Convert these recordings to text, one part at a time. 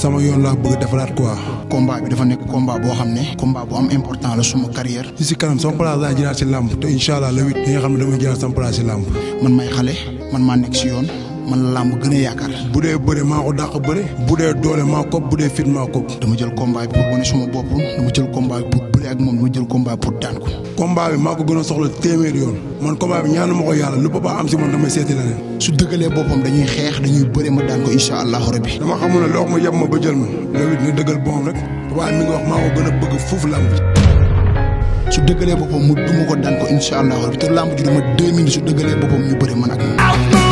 sama yoon laa bëgg defaraat quoi. combat bi dafa nekk combat boo xam ne. combat bu am important la suma carrière. si si kanam sama place laa jëlaat si làmb te incha allah le huit. nga xam ne damay jëlaat sama place si làmb. man may xale man maa nekk si yoon. man la làmb gën a yaakaar bu dee bëre maa ko dàq bëre bu dee doole maa ko bu dee fit maa ko dama jël combat bi pour wane suma bopp dama jël combat bi pour moom dama jël combat pour daan ko combat bi maa ko gën a soxla téeméer yoon man combat bi ñaanu ma ko yàlla lu papa am si man damay seeti leneen su dëggalee boppam dañuy xeex dañuy bëre ma daan ko incha allahu rabbi dama xamul ne loo ma yem ma ba jël ma loolu dina dëggal boom rek papa mi ngi wax maa ko su dëggalee boppam mu duma ko daan ko incha allah te lamb ji dama deux minutes su dëggalee boppam ñu bëri man ak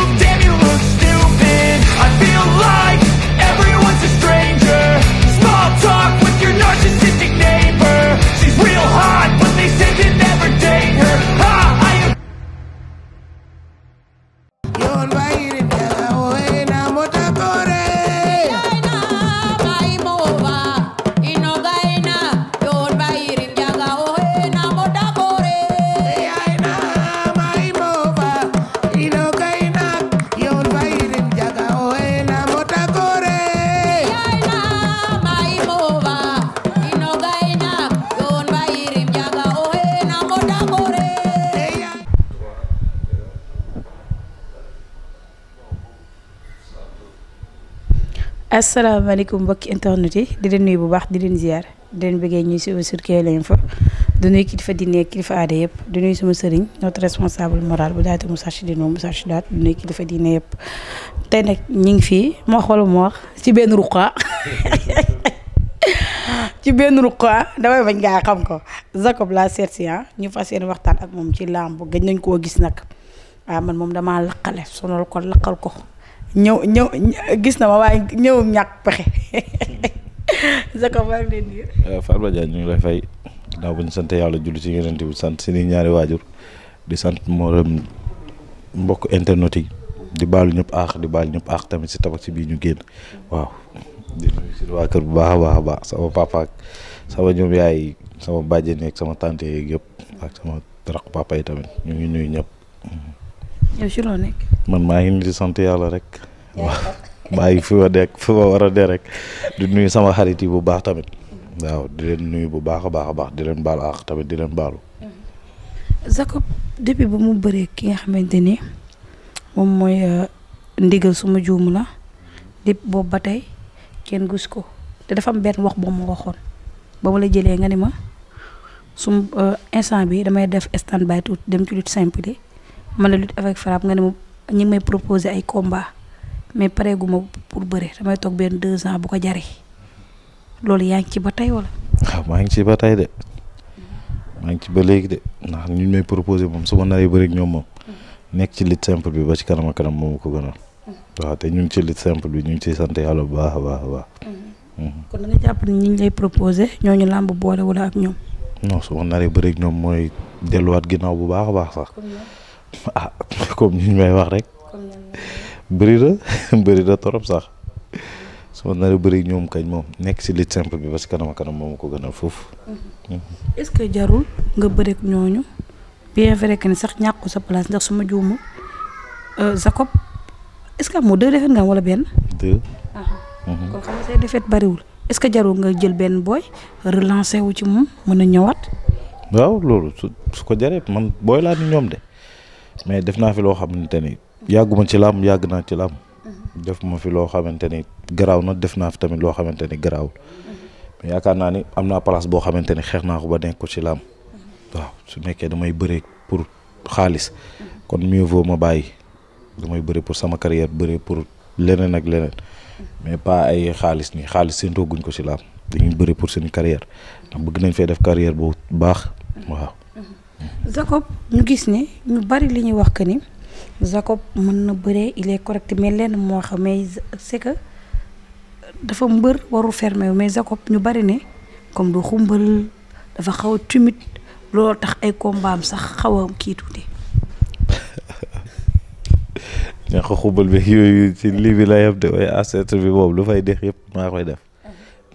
asalaamaaleykum mbokki internet yi di leen nuyu bu baax di leen ziar di leen bëggee ñuy suivre sur Kewel Info di nuyu kilifa kilifa aada yëpp di nuy sama sëriñ notre responsable moral bu daate Moustarchi di nuyu Moustarchi daat di nuyu kilifa diine yëpp tey nag ñu ngi fii ma wax wala ma wax ci benn ruqa ci benn ruqa damay bañ ngaa xam ko Jacob la seetsi ah, ñu fas yéene waxtaan ak moom ci làmb gën nañ koo gis nag waaw ah, man moom damaa laqale sonal ko laqal ko ñëw ñëw gis na ma waaye ñëwum ñàkk pexe. Jacob maa ngi leen euh, di. Farba Diagne ñu ngi lay fay daaw bu ñu sant yàlla julli ci yonent bi sant suñuy ñaari waajur di sant mooram mbokk internet yi di baalu ñëpp aax di baalu ñëpp aax tamit si tabaski bii ñu génn waaw. di nuyu si waa kër bu baax a baax a baax sama papa ak sama ñoom yaay sama bàjjen ak sama tante yeeg yëpp ak sama rakk papa yi tamit ñu ngi nuyu ñëpp. yow ci man maa ngi di sant yàlla rek. waaw maa ngi fi ma war a dee rek du nuyu sama xarit yi bu baax tamit. Mm-hmm. waaw du leen nuyu bu baax a baax a baax di leen baal ak tamit di leen baalu. Mm-hmm. Jacob depuis ba mu bëree ki nga xamante ni moom mooy uh, ndigal suma juum la lépp boobu ba tey kenn gis ko te dafa am benn wax boo ma waxoon ba ma la jëlee nga ni ma sum uh, instant bi damay def stand by tuuti dem ci lutte simple yi man la lutte avec frappe nga ne ma ñi ngi may ay combat mais pareeguma pour bëre damay toog benn deux ans bu ko jaree loolu yaa ngi ci ba tey wala. waaw ah, maa ngi ci ba tey de maa ngi ci ba léegi de ndax ñu may proposer moom su ma naree bëri ak moom nekk ci lutte simple bi ba ci kanam ak kanam moomu ko gënal. waaw te ñu ngi ci lutte simple bi ñu ngi ciy sant yàlla bu baax a baax a baax. Mhm. Mhm. kon da nga jàpp ni ñi ñu lay proposer boole wala ak ñoom. non su ma naree bëri ñoom mooy delluwaat ginnaaw bu baax a baax sax. ah comme ni ñu may wax rek. bëri na bëri na torop sax su ma nar bëri ñoom kañ moom nekk si lutte simple bi parce que kanam kanam moom ko gënal foofu. Mm-hmm. Mm-hmm. est-ce que jarul nga bëri ak ñooñu bien vrai ni sax ñàkk sa place ndax su ma juumu euh, Jacob est-ce que amoo deux défaites nga am wala benn. deux. Ah, mm-hmm. ah. kon bariwul est-ce que jarul nga jël benn booy relancer wu ci moom mën a ñëwaat. waaw loolu su ko jaree man booy laa ni ñoom de. mais def naa fi loo xamante ni yàgguma ci làmb yàgg naa ci làmb mm-hmm. def ma fi loo xamante ni garaaw na def naa fi tamit loo xamante ni garaawul mm-hmm. yaakaar naa ni am naa place boo xamante ni xeex naa ko ba nekk ko ci làmb mm-hmm. su nekkee damay bëre pour xaalis kon mieux vaut ma bàyyi damay bëre pour sama carrière bëre pour leneen ak leneen mais pas ay xaalis nii xaalis séentoo guñ ko ci làmb dañuy bëre pour seen carrière ndax bëgg nañ fee def carrière boobu baax waaw Jacob ñu gis ne ñu bari li ñuy wax que ni Jacob mën na bëree il est correct mais lenn moo xam mais c'est que dafa mbër waru fermé mais Jacob ñu bari ne comme du xumbal dafa xaw a timide looloo tax ay kombaam sax xaw a kii tuuti. ñàkk xumbal bi yooyu ci lii bi lay yem de waaye ancêtre bi boobu lu fay dex yëpp maa koy def.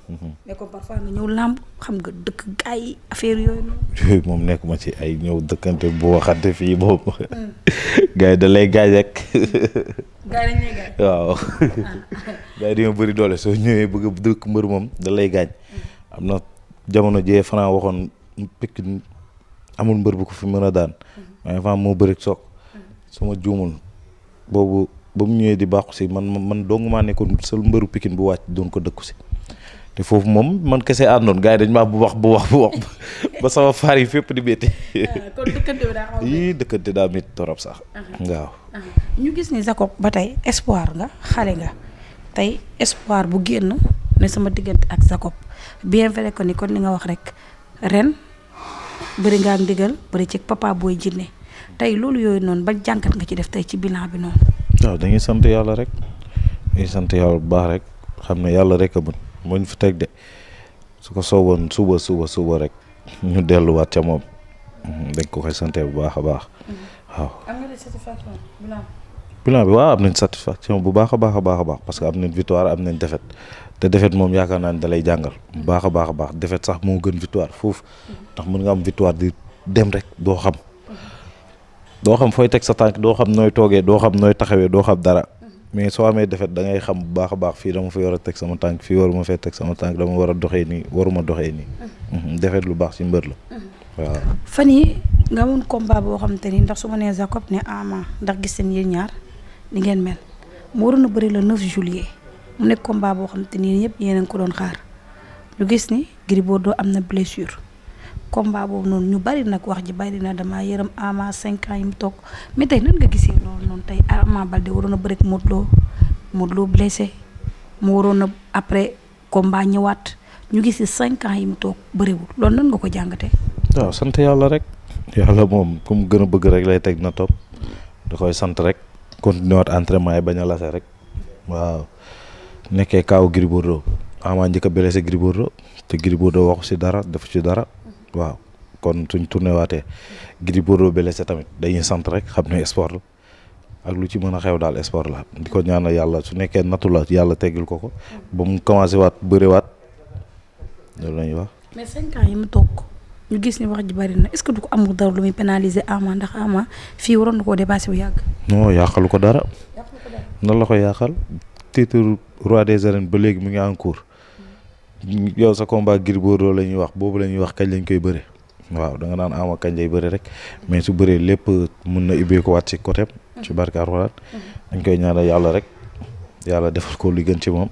mais comme parfois nga ñëw làmb xam nga dëkk gaay yi affaire yooyu noonu. yooyu moom nekkuma ci ay ñëw dëkkante bu waxante fii boobu. gars yi da lay gaañ rek. waaw ah. gars yi dañoo bëri doole soo ñëwee bëgg dëkk mbër moom dalay lay gaañ. Hmm. am na jamono jee Franc waxoon picc amul mbër bu ko fi mën a daan. mais hmm. Franc moo bëri soog. Hmm. su ma juumul boobu ba mu ñëwee di bàqu si man man dong maa nekkoon seul mbëru Pikine bu wàcc doon ko dëkku si. te foofu moom man kese àndoon gars yi dañ maa bu wax bu wax bu ba sama faar yi fépp di métti. Ah, kon dëkkante bi daa yii dëkkante daa métti torop sax. Ah, ah. waaw. ñu gis ni Jacob ba tey espoir nga xale nga tey espoir bu génn ne sama diggante ak Jacob bien vrai que ni kon li nga wax rek ren bëri nga ak ndigal bëri ci papa booy jinne tey loolu yooyu noonu ba jànkat nga ci def tey ci bilan bi noonu. waaw dañuy sant yàlla rek dañuy sant yàlla bu baax rek xam ne yàlla rek a mën. moo ñu fi teg de su ko sooboon suba suba suba rek ñu delluwaat ca moom mm-hmm. dañ ko koy sante bu baax a baax mm-hmm. waaw. am nga satisfaction bilan. bilan bi nañ satisfaction bu baax a baax a baax baax parce que am nañ victoire am nañ défaite te défaite moom yaakaar naa ni da lay jàngal. bu mm-hmm. baax a baax a baax défaite sax moo gën victoire foofu ndax mën nga am victoire di dem rek doo xam. doo xam fooy teg sa tànk doo xam nooy toogee doo xam nooy taxawee doo xam dara mais soo amee defet dangay xam bu baax baax fii dama fa war a teg sama tànk fii waruma fee teg sama tànk dama war a doxe nii waruma doxee nii. Mm-hmm. Mm-hmm. defet lu baax ci mbër la. Mm-hmm. waaw fan yi nga amoon combat boo xam te ni ndax su ma nee Jacob ne Ama ndax gis seen yéen ñaar ni ngeen mel mu waroon a bëri le 9 juillet mu nekk combat boo xam te ni ñëpp yéen ko doon xaar ñu gis ni Gris Bordeaux am na blessure. comme combat boobu noonu ñu bari nag wax ji bari na damaa yërëm Ama cinq ans yi mu toog mais nan nga gisee loolu noonu tey Ama Baldé waroon a bëri ak Modou Lo Modou Lo blessé mu waroon a après combat ñëwaat ñu gis cinq ans yi mu toog bëriwul loolu nan nga ko jàngatee. waaw sant yàlla rek. yàlla moom ku gën a bëgg rek lay teg na topp da koy sant rek. continué waat entraînement yi bañ a rek. waaw nekkee kaaw Gris Bordeaux Ama njëkk blessé Gris te Gris dara defu ci dara. waaw kon suñ tourné waatee Gris Bordeaux sa tamit dañuy sant rek xam ne sport la ak lu ci mën a xew daal sport la di ko ñaanal yàlla su nekkee nattu la yàlla teggil ko ko ba mu commencé waat bëri waat loolu la ñuy wax. mais cinq ans yi mu toog ñu gis ni wax ji bari na est-ce que du ko amul dara lu muy pénaliser Ama ndax Ama fii waroon na koo dépassé bu yàgg. non yàqalu ko dara. yàqalu loxo dara nan la yàqal titre roi des arènes ba léegi mu ngi en cours. yow sa combat Gris Bordeaux la ñuy wax boobu la wax kañ lañ koy bëre waaw da nga naan ama kañ lay bëre rek mais su bëree lépp mun na ubbee ko waat ci côté ci mm-hmm. barke Alxuraan mm-hmm. dañ koy ñaanal yàlla rek yàlla defal ko li ci moom.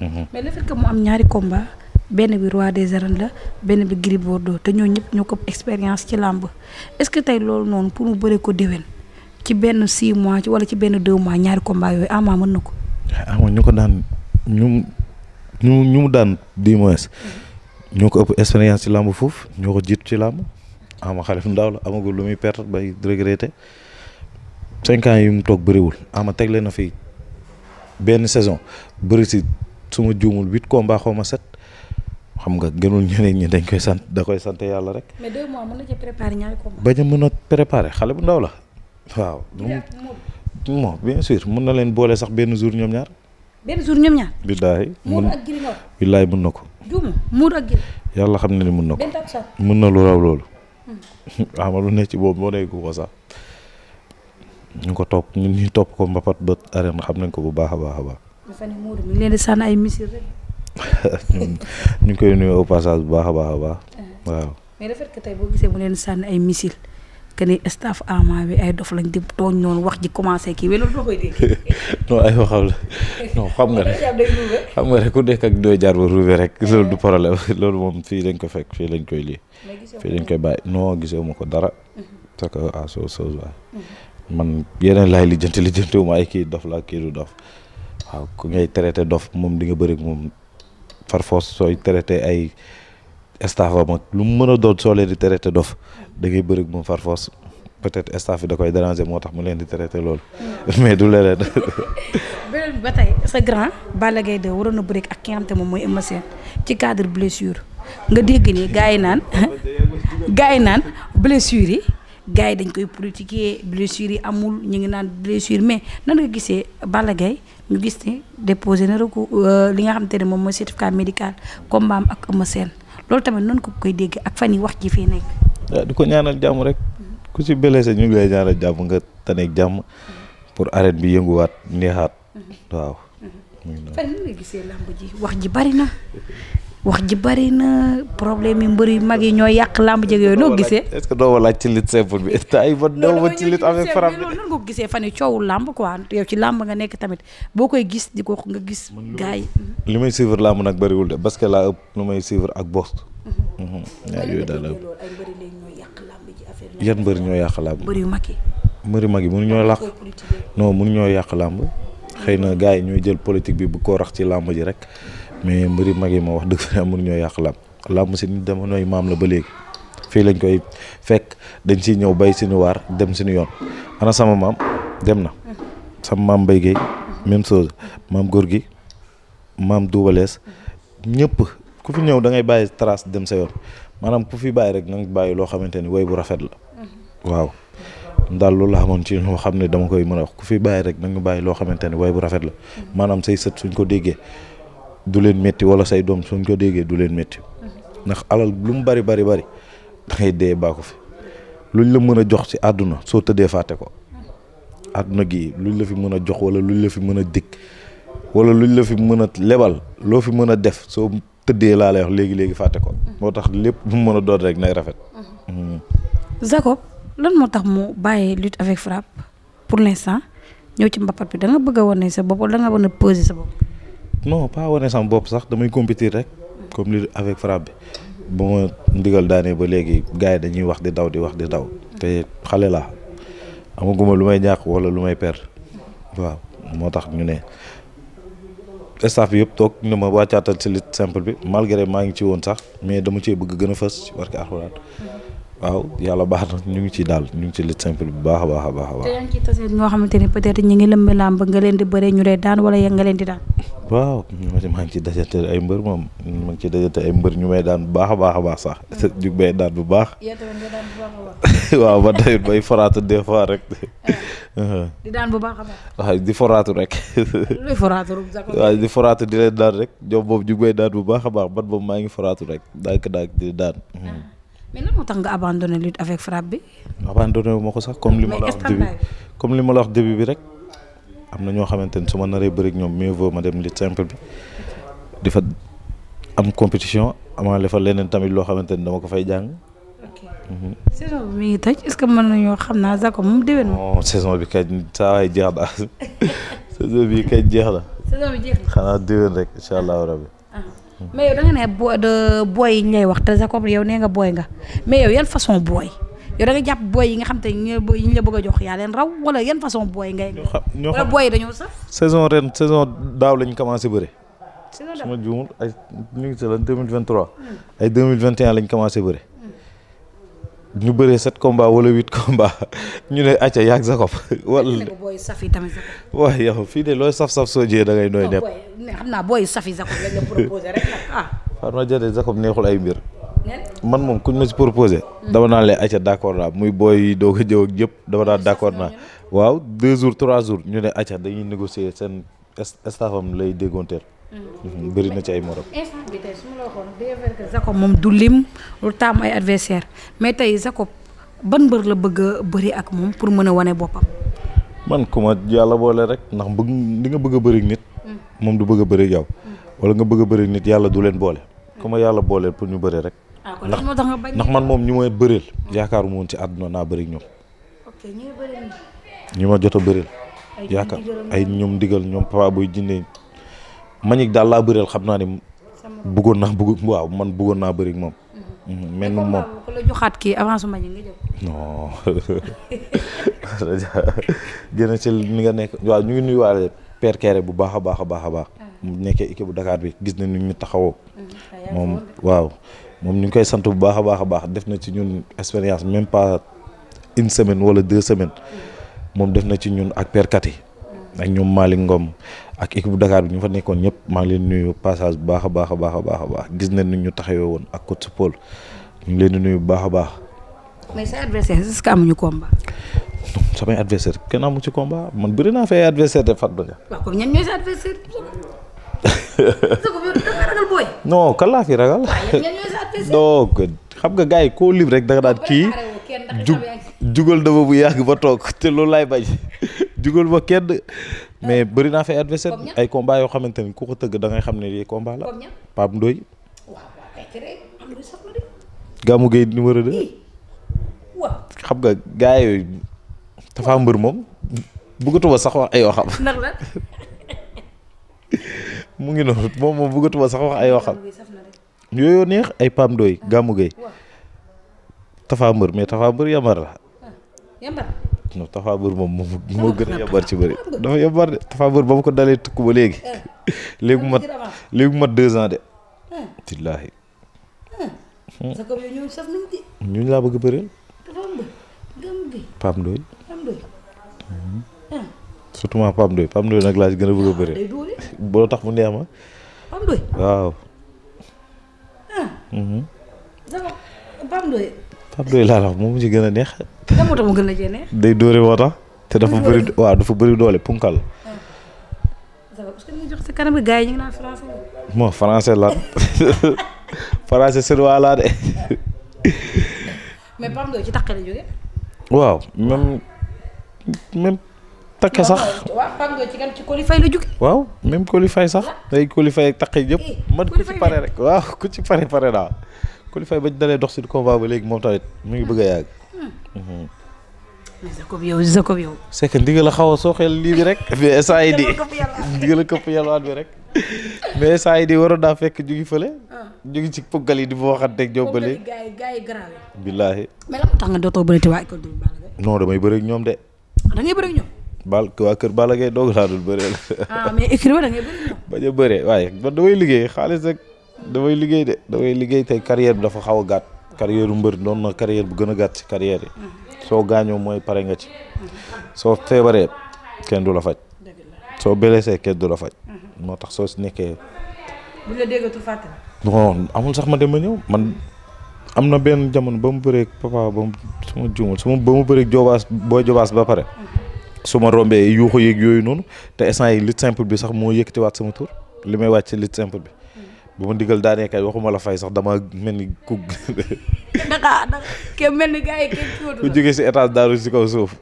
Mm-hmm. mais le fait ñaari combat benn bi roi des arènes la benn bi Gris Bordeaux te ñoo ñëpp ñoo ko expérience ci làmb est-ce que tey loolu noonu pour mu bëree ko déwén ci benn 6 mois ci ci benn 2 mois ñaari combat yooyu ama mën na ko. ama ñu ko daan ñu. ñu ñu daan du moins ñoo ko ëpp expérience ci làmb foofu ñoo ko jiitu ci làmb ama xale fu ndaw la amagul lu muy perte bay regretté cinq ans yi mu toog bariwul ama tegle na fi benn saison bëri si su ma juumul huit combats ma set xam nga gënul ñeneen ñi dañ koy sant da koy sant yàlla rek. mais deux mois mën bañ a mën a préparer xale bu ndaw la waaw. moom bien sûr mën na leen boole sax benn jour ñoom ñaar. benn jour ñoom ñaar. billaahi mun ak mun na ko. juum muur ak giri. yàlla xam na ni mun na ko. mun na lu raw loolu. Hmm. waaw lu ne ci boobu moo nekk ko sax. ñu ko topp ñun ñuy topp ko mbapat ba arène xam nañ ko bu baax a baax a baax. dafa ne Modou mi leen di sànni ay misir rek. ngi koy nuyu au bu baax a baax a baax. Eh. waaw ay missiles. que ni staff ama bi ay dof lañ di tooñ noonu wax ji commencé kii wala doo koy dégg. non ay waxam la xam nga rek xam nga rek ku nekk ak doo jaar ba ruube rek loolu du problème loolu moom fii lañ ko fekk fii lañ koy lii. fii lañ koy bàyyi non gisee ma ko dara. Mm-hmm. parce que ah soo soo mm-hmm. man yeneen laay lijjanti lijjanti wu ma ay kii dof laa kii du dof waaw ku ngay traité dof moom di nga bëri moom farfosse sooy traité ay. staff am lu mu mën a doon soo leen di traité dof da ngay bëri far force peut-être staff bi da koy déranger moo tax mu leen di traité loolu. Mm. mais du leneen. beneen ba tey sa grand. Balla gay 2 waroon na bëri ak ki nga xam moom mooy Eumeu Sène ci cadre blessure nga dégg nii gars yi naan gars yi naan blessure yi gars yi dañ koy politiquer blessure yi amul ñu ngi naan blessure mais nan nga gisee Balla Gaye ñu gis ne déposé na recours euh, li nga xam te ne moom mooy certificat médical combat am ak Eumeu loolu tamit noonu ko koy dégg ak fan yi wax ji fii nekk. waaw di ko ñaanal jàmm rek. ku si blessé ñu ngi ñaanal jàmm nga taneeg jàmm. pour arène bi yënguwaat neexaat. Mhm. waaw. Mhm. fan yi wax ji bari na wax ji bari na problème yi yu mag yi ñoo yàq làmb ji yooyu gisee. est que doo ma laaj ci noonu nga gisee fan yi coowul làmb quoi yow ci làmb nga nekk tamit boo koy gis di ko nga gis gars li may suivre làmb nag bariwul de basket laa ëpp lu may suivre ak box. Mhm. Mhm. yan mbëri ñoo yàq làmb. mbëri yu mag yi. mbëri ñoo yi mënuñoo làq. non mënuñoo yàq làmb. xëy na mhm. gars yi ñooy jël politique bi bu ko rax ci làmb ji rek mais mbëri mag yi ma wax dëgg yàq làmb làmb si nit dama nooy maam la ba léegi. fii lañ koy fekk dañ siy ñëw bay suñu waar dem suñu yoon ana sama maam dem na. sama maam mbay Guèye même chose maam góor gi. maam Double Less ñëpp ku fi ñëw da ngay bàyyi trace dem sa yoon maanaam ku fi bàyyi rek na nga bàyyi loo xamante ni woy bu rafet la waaw daal loolu la xamoon ci loo xam ne dama koy mën a ku fi bàyyi rek na nga bàyyi loo xamante ni woy bu rafet la maanaam say sët suñ ko déggee du leen métti wala say doom suñ ko déggee du leen métti ndax alal lu mu bari bari bari da ngay dee baa ko fi luñ la mën a jox ci àdduna soo tëddee fàtte ko àdduna gi luñ la fi mën a jox wala luñ la fi mën a dikk wala ñu la fi mën a lebal loo fi mën a def soo tëddee laa lay wax léegi léegi fàtte ko. Mm-hmm. moo tax lépp bu mu mën a doon rek nay rafet. Mm-hmm. Mm-hmm. Jacob lan moo tax mu bàyyee lutte avec frappe pour l'instant ñëw ci mbapat bi da nga bëgg a wane sa bopp wala da nga mën a peser sa bopp. wane sama bopp sax damay compétir rek. comme lutte avec frappe bi. ba ma ndigal daanee ba léegi gars yi dañuy wax di daw di wax di daw. te xale laa amaguma lu may ñàkk wala lu may per waaw moo tax ñu ne staff bi yëpp toog ne ma wàccaatal si lutte simple bi malgré maa ngi ci woon sax mais dama cee bëgg gën a fës ci barke alxuraan waaw yàlla baax na ñu ngi ci daal ñu ngi ci lutte simple bi baax a baax a baax a baax. te yaa ngi xamante ni peut être ñu ngi lëmb làmb nga leen di bëree ñu lay leen di daan. maa ngi ci dajante ay mbër moom maa ay mbër ñu may daan bu baax a baax a baax sax. ñu mm-hmm. may daan bu baax. yaa baax. waaw man tamit may foraatu des fois rek. di daan bu di foraatu rek. luy foraatu waaw di foraatu di leen daan rek ñoom moom ñu koy daan bu baax a baax man moom maa ngi foraatu rek ndànk ndànk di daan. Ah. tax nga abandonné lutte avec frappe bi. abandonné wu ma ko sax comme li ma comme li ma la wax début bi rek. am na ñoo xamante ni su ma naree bëri ñoom mieux vaut ma dem lutte simple bi di fa am compétition amaale fa leneen tamit loo xamante ni dama ko fay jàng. saison bi mi ngi tëj est-ce que mën nañoo xam naa Zako moom déwén. non saison bi kay saa ay jeex na saison bi kay jeex na. saison xanaa déwén rek incha allahu ah. rabi. Ah. mais yow da nga yi ñu lay wax te Jacob yow nee nga booy nga mais yow yan façon booy yow da nga jàpp booy yi nga xam te ñu ñu la bëgg a jox yaa leen raw wala yan façon booy ngay. ñoo xam ñoo booy dañoo sax. saison ren saison daaw lañ commencé bëre. saison daaw su ma juumul ay ñu ngi si lan deux mille vingt trois. Hmm. ay deux mille vingt un lañ commencé bëre. ñu bëree sept combat wala huit combat ñu ne acca yaag Jacob wala booy safi tamit fii de looy saf-saf soo jiyee da ngay nooy nepp xam naa booy safi Jacob ah. neexul ay mbir man moom kuñ ma si proposé dama naa leen acca d'accord naa muy booy doo ko jëw ak yëpp dama naa d'accord naa waaw deux jours trois jours ñu ne acca dañuy négocier seen staff lay déggonteel Mhm, bëri na ci ay morom. ma la waxoon bien moom du lim lu taam ay adversaire mais tey Jacob ban mbër la bëgg a bëri ak moom pour mën a wane boppam. man ku yàlla boole rek ndax mbëg li nga bëgg bëri nit. Mm. moom du bëgg bëri yow. Mm. wala nga bëgg bëri nit yàlla du leen boole. ku yàlla booleel pour ñu bëri rek. Ah, ndax ndax man moom ñu may bëreel. yaakaar mu ci àdduna naa bëri ñoom. ok ñu ma jot a bëreel. yaakaar ay ñoom digal ñoom papa buy jëndee. Manick daal laa bëreel xam naa ni bëggoon naa bëgg waaw man bëggoon naa bëri moom. Mm-hmm. Mm-hmm. mais moom moom ku la joxaat kii avance Manick nga jël. non gën ci ni nga nekk waaw ñu ngi nuyuwaale Père Kéré bu baax a baax a baax a baax. Ah. mu nekkee équipe bu Dakar bi gis nañ ni ñu taxawoo. Mm-hmm. moom waaw moom ñu ngi koy sant bu baax a baax a baax def na ci ñun expérience même pas une semaine wala deux semaines moom def na ci ñun ak Père Kati. ak ñoom Malick Ngom ak équipe bu bi ñu fa nekkoon ñëpp maa ngi leen nuyu passage bu baax a baax a baax a baax gis nañ ni ñu taxawee woon ak coach Paul ñu ngi leen di nuyu bu baax a baax. mais say adversaire est-ce amuñu combat. ci combat man bëri naa fay adversaire de Fatou Ndiaye. waaw kon ñan laa fi ragal. non xam nga gars yi koo libre rek da nga daan kii. jug jugal dama bu yàgg ba toog te loolu laay bañ jugal ba kenn. mais bari naa fi adversaire ay combat yoo xamante ni ku ko tëgg da xam ne lii combat la Pape Ndoye Gamou Gueye numéro 2 xam nga gaa yooyu dafa mbër moom bëggatuma sax ay waxam mu ngi noonu moom moom bëggatuma sax wax ay waxam yooyu neex ay Pape Ndoye ah, Gamou Gueye Tapha Mbeur mais Tapha Mbeur yambar la. Ah, non Tapha Mbeur moom moom moo gën a yabar ci bëri dafa yabar de Tapha Mbeur ba ko dalee tukku ba léegi eh. léegi mat léegi mat deux ans de wallaahi eh. eh. hmm. ñuñ laa bëgg bëreel Pape Ndoye hmm. surtout ma Pape Ndoye Pape Ndoye nag laa ci gën a bëgg a bëreel boo tax mu neex ma Pape waaw hmm. Pape Ndoye laa la a neex. lan moo tax mu gën a neex. day dóore moo te dafa bëri waaw dafa bëri doole punkal. jox sa kanam gars yi moo français lan français seen waa laa de. waaw même même. takke sax waaw Pape Ndoye sax. day qualifié ak takk yëpp. Eh, man ku ci pare rek waaw ku ci pare pare daal. Coulifay ba dalee dox si combat ba léegi moom tamit mu ngi bëgg a yàgg. Hmm. Hmm. Jacob yow Jacob yow. c'est ndigal a xaw a sooxeel lii bi rek. mais instant yii di a këpp yalwaat bi rek. di waroon naa fekk ñu ngi fële. Ah. ñu ngi ci poggal yi di ma waxanteeg ñoom ba léegi. billaahi. mais lan moo tax nga de non damay bëri ak ñoom de. Ah, da ngay bëri ak ñoom. doog laa dul bëree la. ah mais a bëree waaye man damay liggéey xaalis rek. damay liggéey de damay liggéey tey carrière bi dafa xaw a gàtt carrière bu mbër doon na carrière bu gën a gàtt ci carrière yi mm-hmm. soo gaañoo mooy pare nga ci mm-hmm. soo feebaree kenn du la faj soo blessé kenn du la faj mm-hmm. moo tax soo si nekkee bu amul sax ma dem ma ñëw man am na benn jamono ba mu bëreeg papa ba mu su ma juumal su ma ba mu bëreeg jobaas boo jobaas ba pare su ma rombee yuuxu yéeg yooyu noonu te instant yi lutte simple bi sax moo yëkkatiwaat sama tur li may wàcc lutte simple bi bu ma ndigal daanee kay waxuma la fay sax dama mel ni ku. daxaa ku jógee si étage daaru si kaw suuf.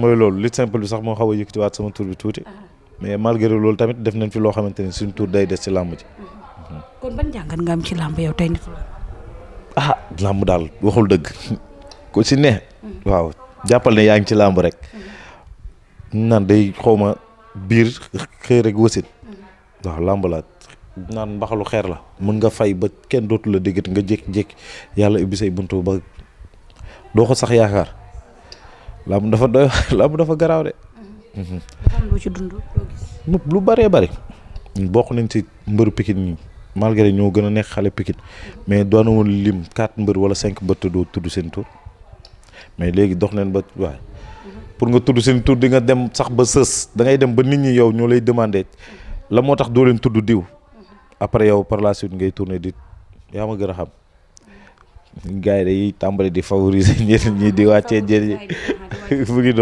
mooy loolu lutte simple bi sax moo xaw a yëkkatiwaat sama tur bi tuuti. Ah. mais malgré loolu tamit def nañ fi loo xamante ni suñ tur day des ci làmb ji. Mm-hmm. kon ban jàngat nga am ci làmb ah, daal waxul dëgg. ko si ne. Mm-hmm. waaw jàppal ne yaa ngi ci làmb rek. Mm-hmm. naan day xaw ma biir xëy rek wasit waaw làmb la naan mbaxalu xeer la mën nga fay ba kenn dootul la déggat nga jékki-jékki yàlla ubbi bunt buntu ba doo ko sax yaakaar làmb dafa doy làmb dafa garaaw de. lu ci dund lu bëree bëri. bokk nañ ci mbëru Pikine ñi malgré ñoo gën a nekk xale Pikine mais doon woon lim quatre mbër wala cinq bët doo tudd seen tur mais léegi dox leen ba waaye pour nga tudd seen tur di nga dem sax ba sës dangay dem ba nit ñi yow ñoo lay demandé la moo tax doo leen tudd diw. après yow par la suite ngay tourner di yaa ma gën a xam gars yi tàmbali di favoriser ñenn ñi di wàccee njëriñ mu ngi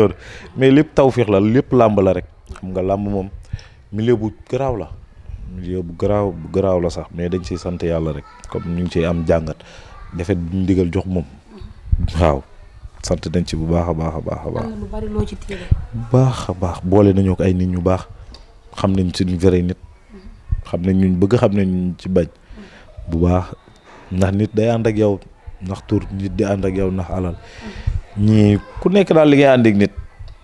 mais lépp tawféex la lépp làmb rek xam nga làmb moom milieu bu garaaw la milieu bu garaaw bu garaaw la sax mais dañ ciy sant yàlla rek comme ñu ngi ciy am jàngat defet bu ñu jox moom waaw sant dañ ci bu baax a baax a baax a baax lu baax boole nañoo ko ay nit ñu baax xam nañ suñu vrai nit xam nañ ñuñ bëgg xam nañ ñuñ ci bañ bu baax ndax nit day ànd ak yow ndax tur nit di ànd ak yow ndax alal ñii ku nekk daal li ngay ànd ak nit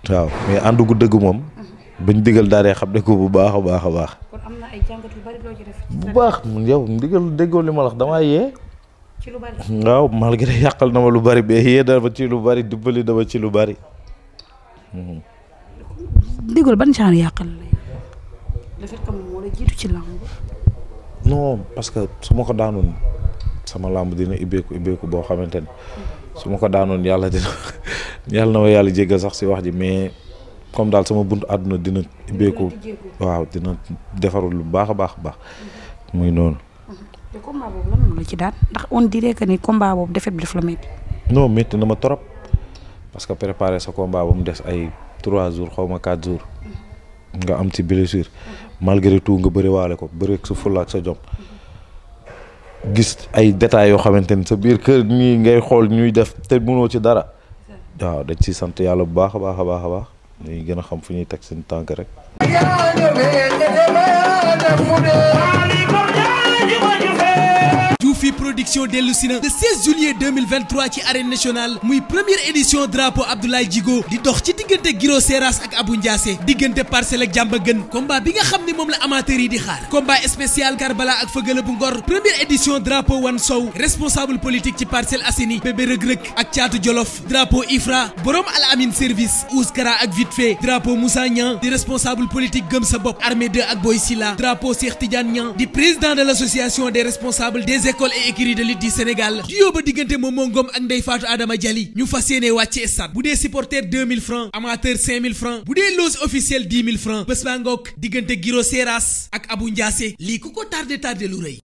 waaw dëgg moom mhm. buñ digal daaree xam ne ko bu baax a baax a baax bu baax mun yow ndigal déggoo li ma wax damaa yee ci lu bari waaw malgré yàqal na ma lu bari mais yee dama ci lu bari dimbali dama ci lu bari ndigal ban genre yàqal la jiitu ci parce que su ma ko daanoon sama làmb dina ibbeeku ibbeeku boo xamante ne su ma ko daanoon yàlla dina yàlla na ma yàlla jeg a sax si wax ji mais comme daal sama buntu àdduna dina ibbeeku waaw dina defarul lu baax a baax baax muy noonu. te combat boobu lan daan ndax on dirait que ni combat boobu defet bi daf la métti. non métti na ma trop parce que préparer sa combat ba mu des ay trois jours xaw ma quatre jours. nga am ci blessure malgré tout nga bëri waale ko bëri sa fulla ak sa jom gis ay détails yoo xamante ni sa biir kër nii ngay xool ñuy def te mënoo ci dara waaw dañ ciy sant yàlla bu baax a baax a baax a baax ñuy gën a xam fu ñuy teg seen tànk rek. production dellu si na le 16 juillet 2023 ci arène nationale muy première édition drapeau Abdoulaye Djigo di dox ci diggante Giro Seras ak Abou Ndiassé diggante parcelle ak jàmba gën combat bi nga xam ni moom la amateur yi di xaar combat spécial Karbala ak Fëgala bu Ngor première édition drapeau Wan Sow responsable politique ci Parcelles Assainies bébé rëg-rëg ak caatu Jolof drapeau Ifra borom Al Amin service Ouskara ak vite fait drapeau Moussa Niang di responsable politique gëm sa bopp armée 2 ak Boy Silla drapeau Cheikh Tidiane Niang di de l'association des responsables des écurie de lutte Sénégal di yóbba diggante Momo ak Ndeye Fatou Adama Diali ñu fas yéene wàcce stade bu dee supporter 2000 francs amateur 5000 francs bu dee loge officielle 10 francs bés baa ngoog diggante Giro Seras ak Abou Ndiassé lii ku ko tardé tardé lu rëy